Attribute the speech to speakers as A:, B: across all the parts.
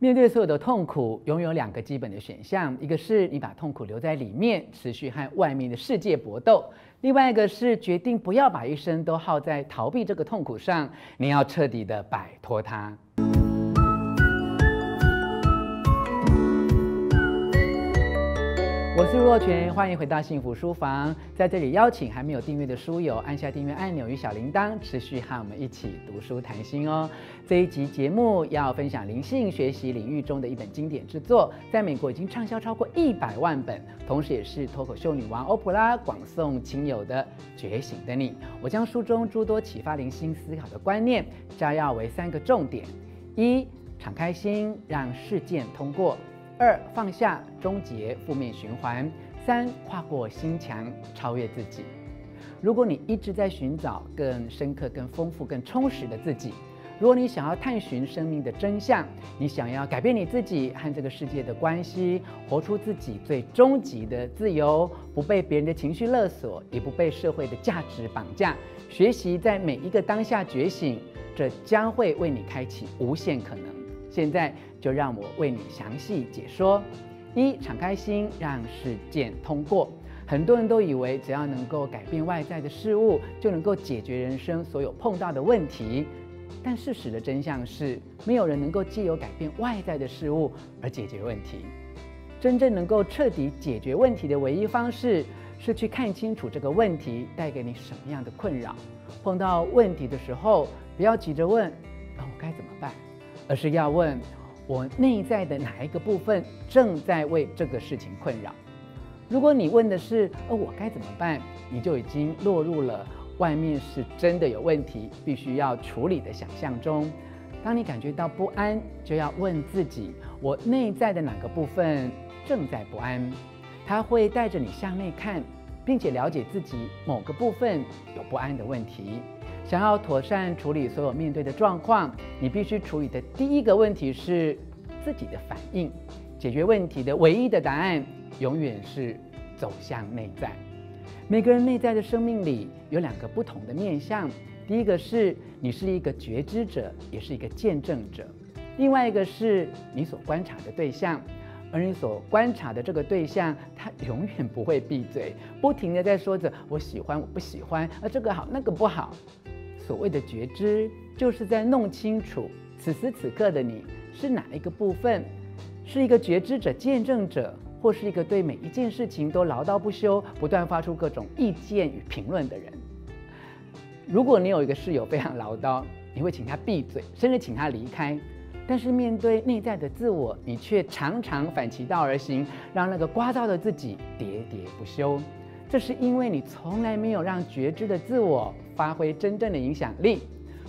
A: 面對所有的痛苦，擁有兩個基本的選項：一個是你把痛苦留在裡面，持續和外面的世界搏鬥；另外一個是決定不要把一生都耗在逃避這個痛苦上，你要徹底的擺脫它。我是若權，歡迎回到幸福書房。在這裡，邀請還沒有訂閱的書友按下訂閱按鈕與小鈴鐺，持續和我們一起讀書談心哦。這一集節目要分享靈性學習領域中的一本經典之作，在美國已經暢銷超過一百萬本，同時也是脫口秀女王歐普拉廣送親友的《覺醒的你》。我將書中諸多啟發靈性思考的觀念摘要為三個重點：一、敞開心，讓事件通過。二、放下，終結負面循環；三、跨過心牆，超越自己。如果你一直在尋找更深刻、更豐富、更充實的自己，如果你想要探尋生命的真相，你想要改變你自己和這個世界的關係，活出自己最終極的自由，不被別人的情緒勒索，也不被社會的價值綁架，學習在每一個當下覺醒，這將會為你開啟無限可能。現在就讓我為你詳細解說：一，敞開心，讓事件通過。很多人都以為只要能夠改變外在的事物，就能夠解決人生所有碰到的問題。但事實的真相是，沒有人能夠借由改變外在的事物而解決問題。真正能夠徹底解決問題的唯一方式，是去看清楚這個問題帶給你什麼樣的困擾。碰到問題的時候，不要急着問，哦，我該怎麼辦？而是要問我內在的哪一個部分正在為這個事情困擾？如果你問的是“呃、哦，我該怎麼辦”，你就已經落入了外面是真的有問題必須要處理的想象中。當你感覺到不安，就要問自己：我內在的哪個部分正在不安？它會帶着你向內看，並且了解自己某個部分有不安的問題。想要妥善處理所有面對的狀況，你必須處理的第一個問題是自己的反應。解決問題的唯一的答案永遠是走向內在。每個人內在的生命裡有兩個不同的面向，第一個是你是一個覺知者，也是一個見證者；另外一個是你所觀察的對象，而你所觀察的這個對象，他永遠不會閉嘴，不停地在說着我喜歡，我不喜歡，而這個好，那個不好。所謂的覺知，就是在弄清楚此時此刻的你是哪一個部分，是一個覺知者、見證者，或是一個對每一件事情都嘮叨不休、不斷發出各種意見與評論的人。如果你有一個室友非常嘮叨，你會請他閉嘴，甚至請他離開。但是面對內在的自我，你卻常常反其道而行，讓那個聒噪的自己喋喋不休。這是因為你從來沒有讓覺知的自我發揮真正的影響力。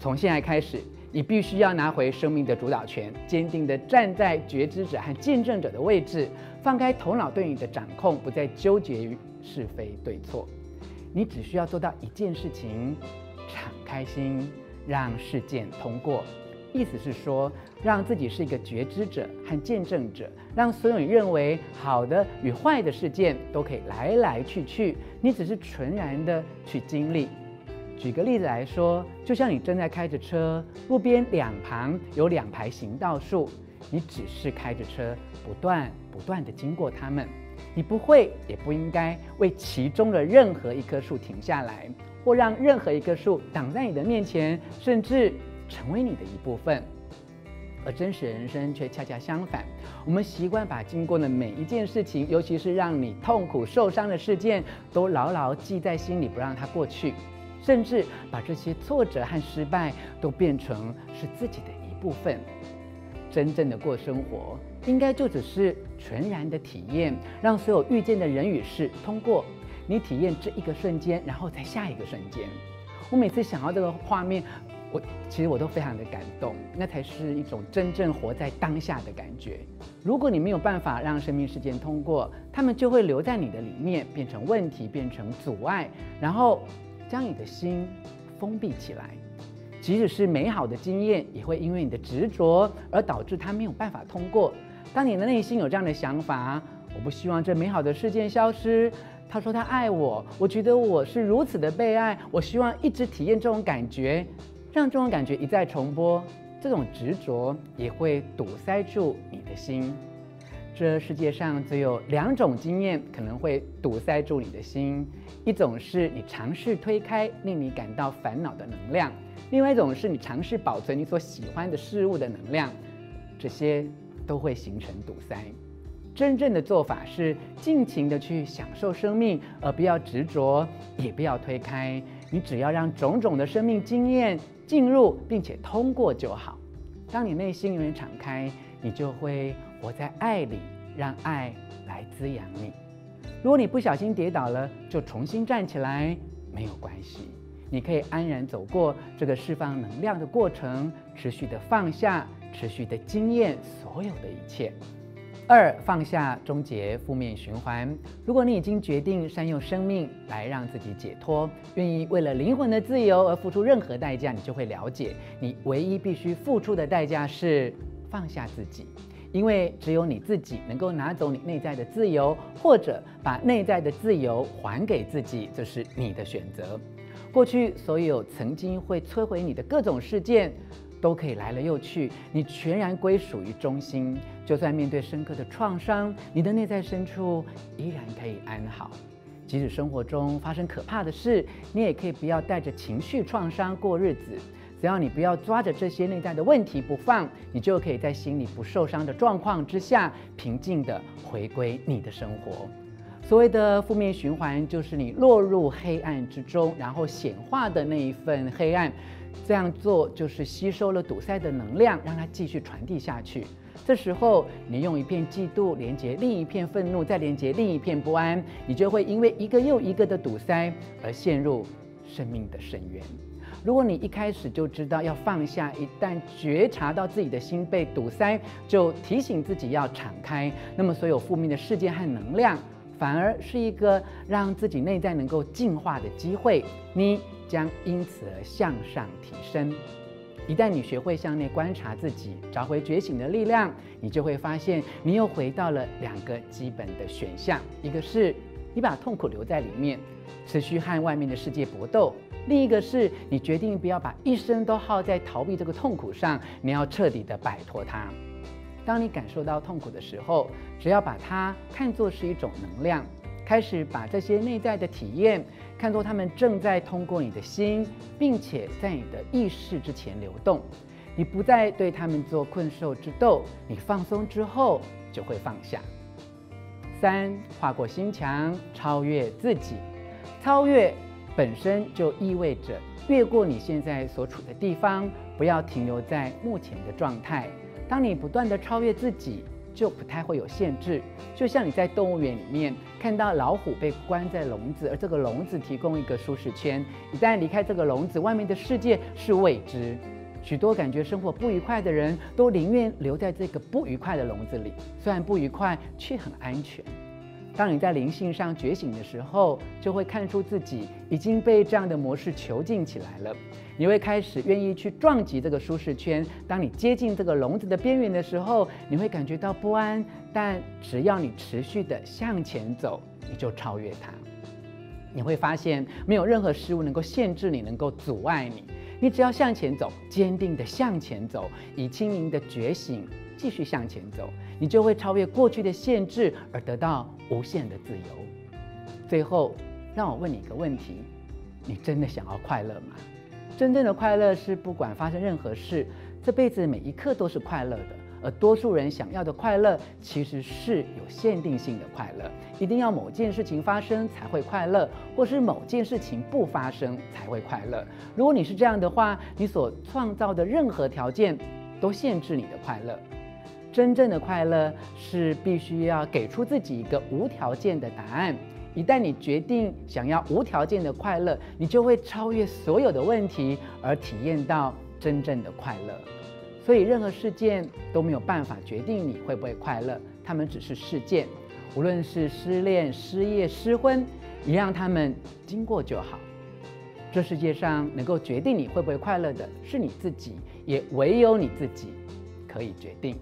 A: 從現在開始，你必須要拿回生命的主導權，堅定地站在覺知者和見證者的位置，放開頭腦對你的掌控，不再糾結於是非對錯。你只需要做到一件事情：敞開心，讓事件通過。意思是說，讓自己是一個覺知者和見證者，讓所有你認為好的與壞的事件都可以來來去去，你只是純然地去經歷。舉個例子來說，就像你正在開着車，路邊兩旁有兩排行道樹，你只是開着車，不斷不斷地經過它們，你不會也不應該為其中的任何一棵樹停下來，或讓任何一棵樹擋在你的面前，甚至。成為你的一部分，而真實人生卻恰恰相反。我們習慣把經過的每一件事情，尤其是讓你痛苦、受傷的事件，都牢牢記在心裡，不讓它過去，甚至把這些挫折和失敗都變成是自己的一部分。真正的過生活，應該就只是全然的體驗，讓所有遇見的人與事，通過你體驗這一個瞬間，然後在下一個瞬間。我每次想要這個畫面。我其實我都非常的感動，那才是一種真正活在當下的感覺。如果你沒有辦法讓生命事件通過，他們就會留在你的裡面，變成問題，變成阻礙，然後將你的心封閉起來。即使是美好的經驗，也會因為你的執着而導致他沒有辦法通過。當你的內心有這樣的想法，我不希望這美好的事件消失。他說他愛我，我覺得我是如此的被愛，我希望一直體驗這種感覺。讓這種感覺一再重播，這種執着也會堵塞住你的心。這世界上只有兩種經驗可能會堵塞住你的心，一種是你嘗試推開令你感到煩惱的能量，另外一種是你嘗試保存你所喜歡的事物的能量。這些都會形成堵塞。真正的做法是盡情地去享受生命，而不要執着，也不要推開。你只要讓種種的生命經驗進入，並且通過就好。當你內心永遠敞開，你就會活在愛裡，讓愛來滋養你。如果你不小心跌倒了，就重新站起來，沒有關係，你可以安然走過這個釋放能量的過程，持續的放下，持續的經驗所有的一切。二、放下，終結負面循環。如果你已經決定善用生命來讓自己解脫，願意為了靈魂的自由而付出任何代價，你就會了解，你唯一必須付出的代價是放下自己，因為只有你自己能夠拿走你內在的自由，或者把內在的自由還給自己，這是你的選擇。過去所有曾經會摧毀你的各種事件。都可以來了又去，你全然歸屬於中心。就算面對深刻的創傷，你的內在深處依然可以安好。即使生活中發生可怕的事，你也可以不要帶着情緒創傷過日子。只要你不要抓着這些內在的問題不放，你就可以在心裡不受傷的狀況之下，平靜地回歸你的生活。所謂的負面循環，就是你落入黑暗之中，然後顯化的那一份黑暗。這樣做就是吸收了堵塞的能量，讓它繼續傳遞下去。這時候，你用一片嫉妒連接另一片憤怒，再連接另一片不安，你就會因為一個又一個的堵塞而陷入生命的深淵。如果你一開始就知道要放下，一旦覺察到自己的心被堵塞，就提醒自己要敞開，那麼所有負面的世界和能量反而是一個讓自己內在能夠進化的機會。你將因此而向上提升。一旦你學會向內觀察自己，找回覺醒的力量，你就會發現，你又回到了兩個基本的選項：一個是你把痛苦留在裡面，持續和外面的世界搏鬥；另一個是你決定不要把一生都耗在逃避這個痛苦上，你要徹底的擺脫它。當你感受到痛苦的時候，只要把它看作是一種能量。開始把這些內在的體驗看作他們正在通過你的心，並且在你的意識之前流動。你不再對他們做困獸之鬥，你放鬆之後就會放下。三，跨過心牆，超越自己。超越本身就意味着越過你現在所處的地方，不要停留在目前的狀態。當你不斷地超越自己，就不太會有限制，就像你在動物園裡面看到老虎被關在籠子，而這個籠子提供一個舒適圈。一旦離開這個籠子，外面的世界是未知。許多感覺生活不愉快的人都寧願留在這個不愉快的籠子裡，雖然不愉快，卻很安全。當你在靈性上覺醒的時候，就會看出自己已經被這樣的模式囚禁起來了。你會開始願意去撞擊這個舒適圈。當你接近這個籠子的邊緣的時候，你會感覺到不安。但只要你持續的向前走，你就超越它。你會發現沒有任何事物能夠限制你，能夠阻礙你。你只要向前走，堅定地向前走，以清明的覺醒繼續向前走，你就會超越過去的限制，而得到無限的自由。最後，讓我問你一個問題，你真的想要快樂嗎？真正的快樂是不管發生任何事，這輩子每一刻都是快樂的。而多數人想要的快樂其實是有限定性的快樂，一定要某件事情發生才會快樂，或是某件事情不發生才會快樂。如果你是這樣的話，你所創造的任何條件都限制你的快樂。真正的快樂是必須要給出自己一個無條件的答案。一旦你決定想要無條件的快樂，你就會超越所有的問題，而體驗到真正的快樂。所以，任何事件都沒有辦法決定你會不會快樂，他們只是事件。無論是失戀、失業、失婚，你讓他們經過就好。這世界上能夠決定你會不會快樂的是你自己，也唯有你自己可以決定。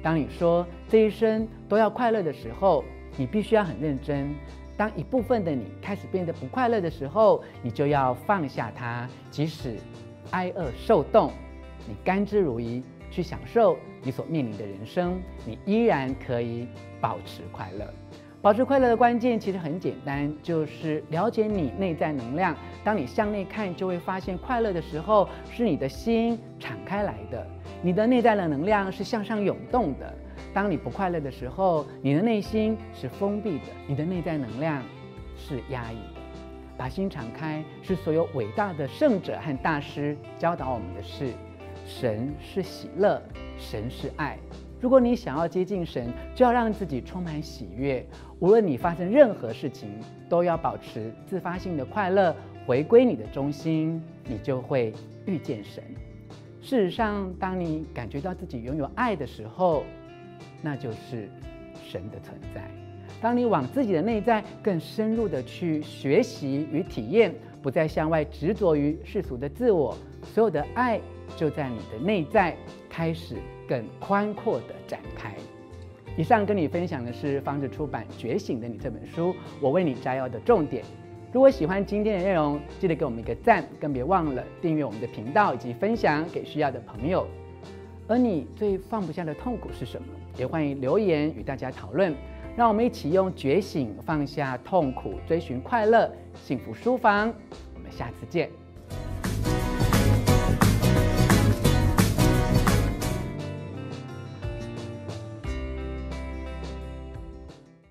A: 當你說這一生都要快樂的時候，你必須要很認真。當一部分的你開始變得不快樂的時候，你就要放下它，即使挨餓受凍。你甘之如飴去享受你所面臨的人生，你依然可以保持快樂。保持快樂的關鍵其實很簡單，就是了解你內在能量。當你向內看，就會發現快樂的時候，是你的心敞開來的，你的內在的能量是向上湧動的。當你不快樂的時候，你的內心是封閉的，你的內在能量是壓抑的。把心敞開，是所有偉大的聖者和大師教導我們的事。神是喜樂，神是愛。如果你想要接近神，就要讓自己充滿喜悅。無論你發生任何事情，都要保持自發性的快樂，回歸你的中心，你就會遇見神。事實上，當你感覺到自己擁有愛的時候，那就是神的存在。當你往自己的內在更深入地去學習與體驗，不再向外執着於世俗的自我，所有的愛。就在你的內在開始更寬闊的展開。以上跟你分享的是方智出版《覺醒的你》這本書，我為你摘要的重點。如果喜歡今天的內容，記得給我們一個讚，更別忘了訂閱我們的頻道以及分享給需要的朋友。而你最放不下的痛苦是什麼？也歡迎留言與大家討論。讓我們一起用覺醒放下痛苦，追尋快樂。幸福書房，我們下次見。